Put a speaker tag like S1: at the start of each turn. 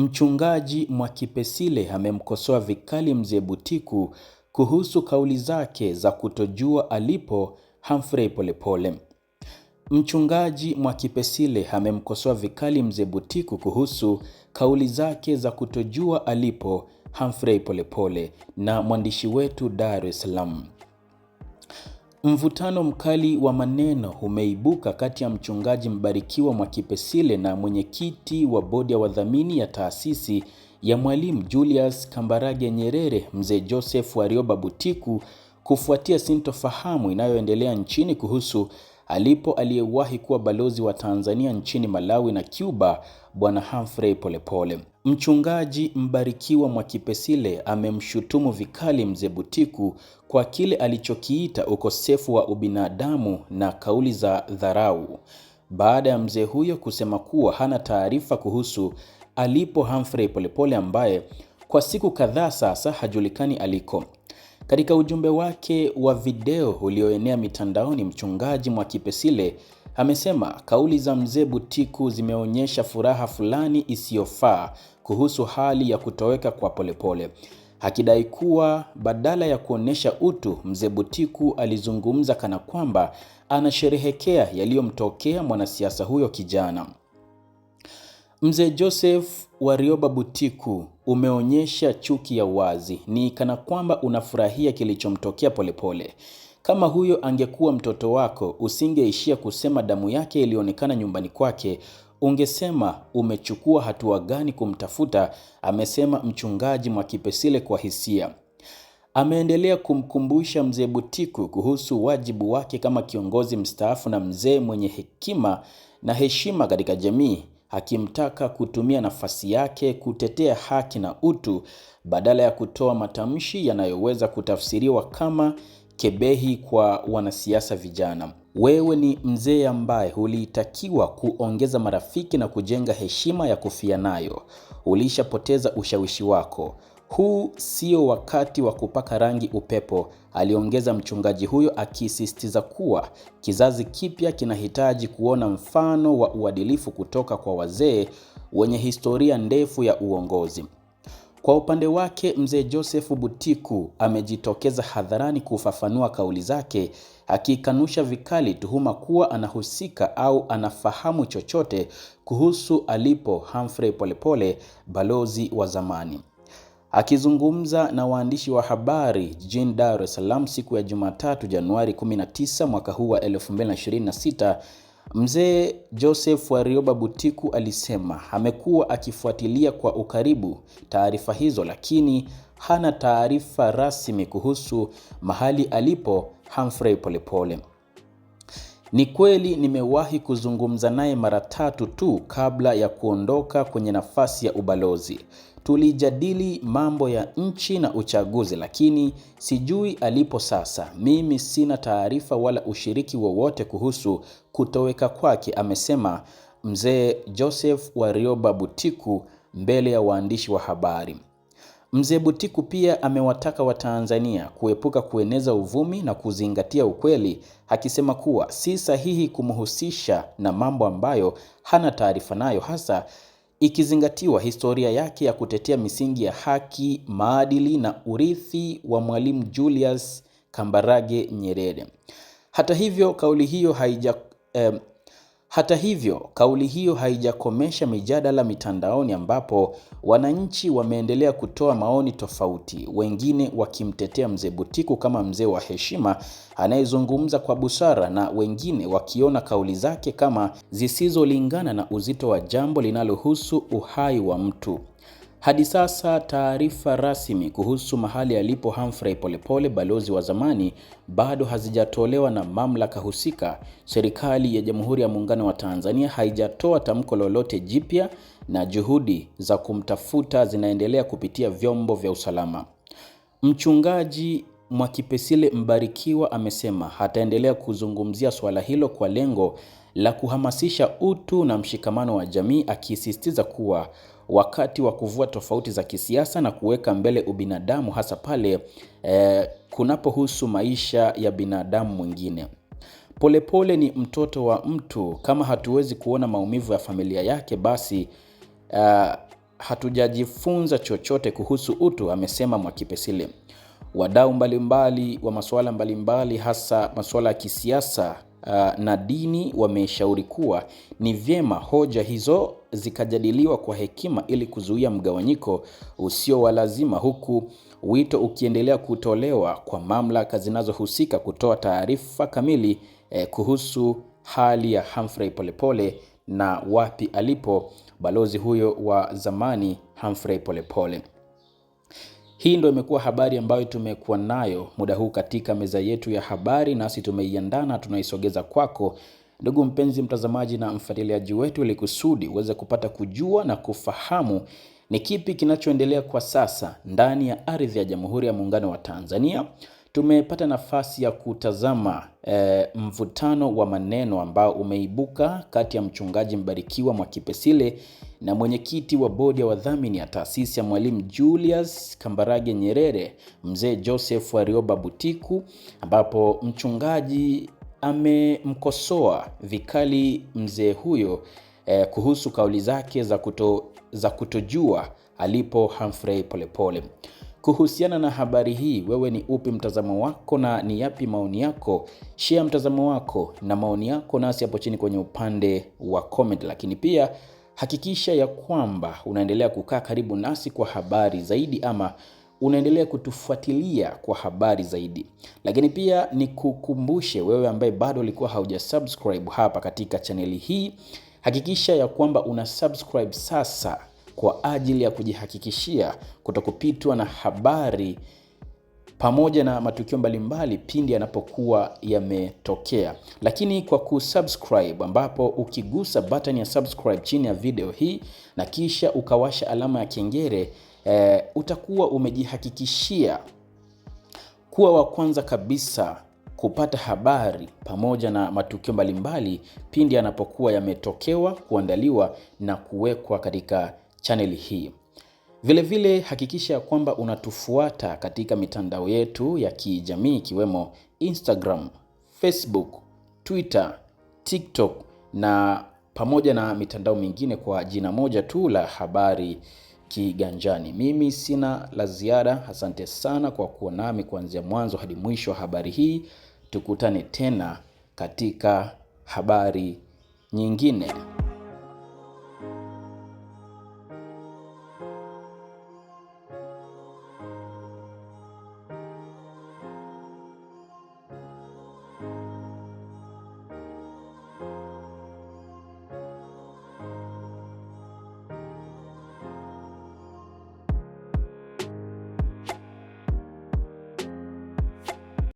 S1: Mchungaji Mwakipesile amemkosoa vikali Mzee Butiku kuhusu kauli zake za kutojua alipo Humphrey Polepole. Mchungaji Mwakipesile amemkosoa vikali Mzee Butiku kuhusu kauli zake za kutojua alipo Humphrey Polepole na mwandishi wetu Dar es Salaam Mvutano mkali wa maneno umeibuka kati ya mchungaji Mbarikiwa Mwakipesile na mwenyekiti wa bodi ya wadhamini ya taasisi ya Mwalimu Julius Kambarage Nyerere Mzee Joseph Warioba Butiku kufuatia sintofahamu inayoendelea nchini kuhusu alipo aliyewahi kuwa balozi wa Tanzania nchini Malawi na Cuba, Bwana Humphrey Polepole. Mchungaji Mbarikiwa Mwakipesile amemshutumu vikali Mzee Butiku kwa kile alichokiita ukosefu wa ubinadamu na kauli za dharau baada ya mzee huyo kusema kuwa hana taarifa kuhusu alipo Humphrey Polepole ambaye kwa siku kadhaa sasa hajulikani aliko. Katika ujumbe wake wa video ulioenea mitandaoni, Mchungaji Mwakipesile amesema kauli za Mzee Butiku zimeonyesha furaha fulani isiyofaa kuhusu hali ya kutoweka kwa Polepole pole. Akidai kuwa badala ya kuonyesha utu, Mzee Butiku alizungumza kana kwamba anasherehekea yaliyomtokea mwanasiasa huyo kijana. Mzee Joseph Warioba Butiku umeonyesha chuki ya wazi, ni kana kwamba unafurahia kilichomtokea Polepole. Kama huyo angekuwa mtoto wako, usingeishia kusema damu yake ilionekana nyumbani kwake, ungesema umechukua hatua gani kumtafuta, amesema Mchungaji Mwakipesile kwa hisia. Ameendelea kumkumbusha mzee Butiku kuhusu wajibu wake kama kiongozi mstaafu na mzee mwenye hekima na heshima katika jamii akimtaka kutumia nafasi yake kutetea haki na utu badala ya kutoa matamshi yanayoweza kutafsiriwa kama kebehi kwa wanasiasa vijana. Wewe ni mzee ambaye ulitakiwa kuongeza marafiki na kujenga heshima ya kufia nayo. Ulishapoteza ushawishi wako. Huu sio wakati wa kupaka rangi upepo, aliongeza mchungaji huyo akisisitiza kuwa kizazi kipya kinahitaji kuona mfano wa uadilifu kutoka kwa wazee wenye historia ndefu ya uongozi. Kwa upande wake, mzee Joseph Butiku amejitokeza hadharani kufafanua kauli zake, akikanusha vikali tuhuma kuwa anahusika au anafahamu chochote kuhusu alipo Humphrey Polepole, balozi wa zamani. Akizungumza na waandishi wa habari jijini Dar es Salaam siku ya Jumatatu, Januari 19 mwaka huu wa 2026, Mzee Joseph Warioba Butiku alisema amekuwa akifuatilia kwa ukaribu taarifa hizo, lakini hana taarifa rasmi kuhusu mahali alipo Humphrey Polepole. Ni kweli nimewahi kuzungumza naye mara tatu tu kabla ya kuondoka kwenye nafasi ya ubalozi. Tulijadili mambo ya nchi na uchaguzi, lakini sijui alipo sasa. Mimi sina taarifa wala ushiriki wowote kuhusu kutoweka kwake, amesema Mzee Joseph Warioba Butiku mbele ya waandishi wa habari. Mzee Butiku pia amewataka Watanzania kuepuka kueneza uvumi na kuzingatia ukweli, akisema kuwa si sahihi kumhusisha na mambo ambayo hana taarifa nayo hasa ikizingatiwa historia yake ya kutetea misingi ya haki, maadili na urithi wa Mwalimu Julius Kambarage Nyerere. Hata hivyo, kauli hiyo haija, eh, hata hivyo, kauli hiyo haijakomesha mijadala mitandaoni ambapo wananchi wameendelea kutoa maoni tofauti, wengine wakimtetea Mzee Butiku kama mzee wa heshima anayezungumza kwa busara na wengine wakiona kauli zake kama zisizolingana na uzito wa jambo linalohusu uhai wa mtu. Hadi sasa taarifa rasmi kuhusu mahali alipo Humphrey Polepole, balozi wa zamani, bado hazijatolewa na mamlaka husika. Serikali ya Jamhuri ya Muungano wa Tanzania haijatoa tamko lolote jipya na juhudi za kumtafuta zinaendelea kupitia vyombo vya usalama. Mchungaji Mwakipesile Mbarikiwa amesema hataendelea kuzungumzia suala hilo kwa lengo la kuhamasisha utu na mshikamano wa jamii, akisisitiza kuwa wakati wa kuvua tofauti za kisiasa na kuweka mbele ubinadamu, hasa pale eh, kunapohusu maisha ya binadamu mwingine. Polepole ni mtoto wa mtu. Kama hatuwezi kuona maumivu ya familia yake, basi uh, hatujajifunza chochote kuhusu utu, amesema Mwakipesile. Wadau mbalimbali wa masuala mbalimbali, hasa masuala ya kisiasa, uh, na dini wameshauri kuwa ni vyema hoja hizo zikajadiliwa kwa hekima ili kuzuia mgawanyiko usio wa lazima, huku wito ukiendelea kutolewa kwa mamlaka zinazohusika kutoa taarifa kamili eh, kuhusu hali ya Humphrey Polepole na wapi alipo balozi huyo wa zamani Humphrey Polepole. Hii ndio imekuwa habari ambayo tumekuwa nayo muda huu katika meza yetu ya habari, nasi tumeiandaa na tunaisogeza kwako ndugu mpenzi mtazamaji na mfuatiliaji wetu, ili kusudi uweze kupata kujua na kufahamu ni kipi kinachoendelea kwa sasa ndani ya ardhi ya Jamhuri ya Muungano wa Tanzania tumepata nafasi ya kutazama e, mvutano wa maneno ambao umeibuka kati ya mchungaji Mbarikiwa Mwakipesile na mwenyekiti wa bodi ya wadhamini ya taasisi ya Mwalimu Julius Kambarage Nyerere Mzee Joseph Warioba Butiku, ambapo mchungaji amemkosoa vikali mzee huyo eh, kuhusu kauli zake za kuto, za kutojua alipo Humphrey Polepole. Kuhusiana na habari hii, wewe ni upi mtazamo wako na ni yapi maoni yako? Share mtazamo wako na maoni yako nasi hapo chini kwenye upande wa comment, lakini pia hakikisha ya kwamba unaendelea kukaa karibu nasi kwa habari zaidi ama unaendelea kutufuatilia kwa habari zaidi, lakini pia nikukumbushe wewe ambaye bado ulikuwa hauja subscribe hapa katika chaneli hii, hakikisha ya kwamba una subscribe sasa kwa ajili ya kujihakikishia kutokupitwa na habari pamoja na matukio mbalimbali pindi yanapokuwa yametokea. Lakini kwa kusubscribe, ambapo ukigusa button ya subscribe chini ya video hii na kisha ukawasha alama ya kengele eh, utakuwa umejihakikishia kuwa wa kwanza kabisa kupata habari pamoja na matukio mbalimbali pindi yanapokuwa yametokewa, kuandaliwa na kuwekwa katika chaneli hii. Vilevile vile hakikisha kwamba unatufuata katika mitandao yetu ya kijamii ikiwemo Instagram, Facebook, Twitter, TikTok na pamoja na mitandao mingine kwa jina moja tu la Habari Kiganjani. Mimi sina la ziada. Asante sana kwa kuwa nami kuanzia mwanzo hadi mwisho wa habari hii. Tukutane tena katika habari nyingine.